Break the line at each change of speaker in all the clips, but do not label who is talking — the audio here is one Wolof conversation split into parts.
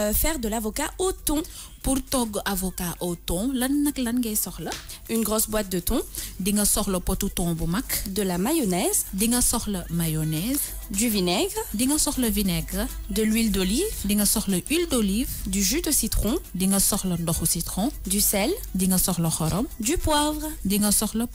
Euh, faire de l'avocat au thon pour tog avocat au thon lan une grosse boîte de thon di nga soxla potu thon bu de la mayonnaise di nga mayonnaise du vinaigre di nga vinaigre de l'huile d'olive di nga huile d'olive du jus de citron di nga citron du sel di nga du poivre di nga soxla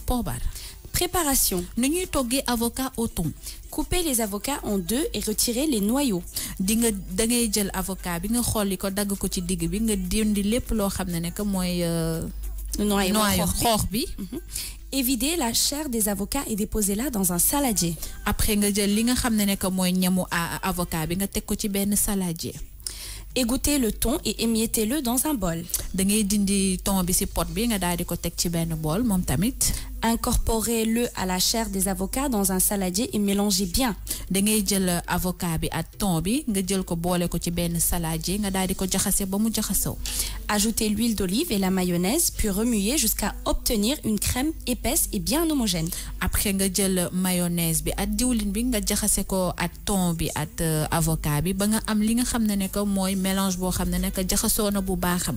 Préparation. Nunu togué avocat au thon. Couper les avocats en deux et retirer les noyaux. di nga da avocat bi nga xolli ko dagg ko ci digg bi nga dindi lépp loo xam ne nekk mooy. Euh, noyau bi mhm. évider la chair des avocats et déposer-la dans un saladier. après nga jël li nga ya nek moy ñamu avocat bi nga tek ko ci ben saladier. égoutter le thon et émietter-le dans un bol da ngay dindi ton bi ci pot bi nga daal di ko teg ci benn bool moom tamit. Incorporez-le à la chair des avocats dans un saladier et mélangez bien. da ngay jël avocat bi ak thon bi nga jël ko bolé ko ci ben saladier nga daal di ko jaxassé ba mu jaxasoo. Ajoutez l'huile d'olive et la mayonnaise puis remuez jusqu'à obtenir une crème épaisse et bien homogène. après nga jël mayonnaise bi ak diwlin bi nga jaxassé ko ak thon bi ak euh, avocat bi ba nga am li nga xamné ne ne mélange bo xamné ne ne que na bu baax a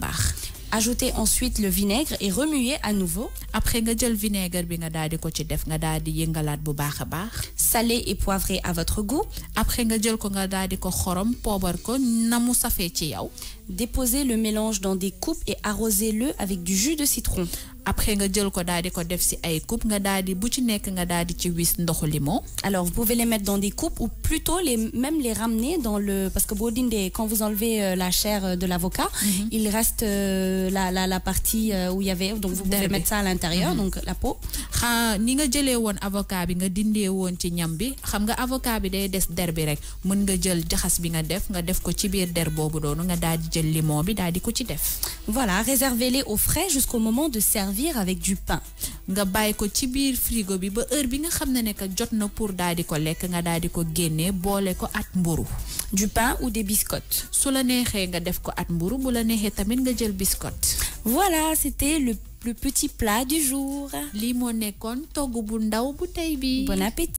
Ajoutez ensuite le vinaigre et remuez à nouveau. Après nga vinaigre bi nga daldi Salez et poivrez à votre goût. Après nga Déposez le mélange dans des coupes et arrosez-le avec du jus de citron après nga jël ko daal di ko def si ay coupe nga daal di bu ci nekk nga daal di ci wis ndoxu limon. alors vous pouvez les mettre dans des coupes ou plutôt les même les ramener dans le parce que boo dindé quand vous enlevez euh, la chair euh, de l'avocat mm-hmm. il reste euh, la la la partie euh, où il y avait donc vous pouvez mettre ça à l'intérieur mm-hmm. donc la peau. xa ni nga jëlé woon avocat bi nga dindé woon ci ñam bi xam nga avocat bi day des der bi rek mën nga jël jaxas bi nga def nga def ko ci biir der boobu doonu nga daal di jël limon bi daal di ko ci def. voilà réservez-les au frais jusqu'au moment de servir servir avec du pain nga bayiko ci biir frigo bi ba heure bi nga xam ne nekk jot na pour daal di ko lekk nga daal di ko génne boole ko at mburu du pain ou des biscottes su la neexee nga def ko at mburu bu la neexee tamit nga jël biscotte voilà c'était le le petit plat du jour lii moo nekkoon togg bu ndaw bu tey bi bon appétit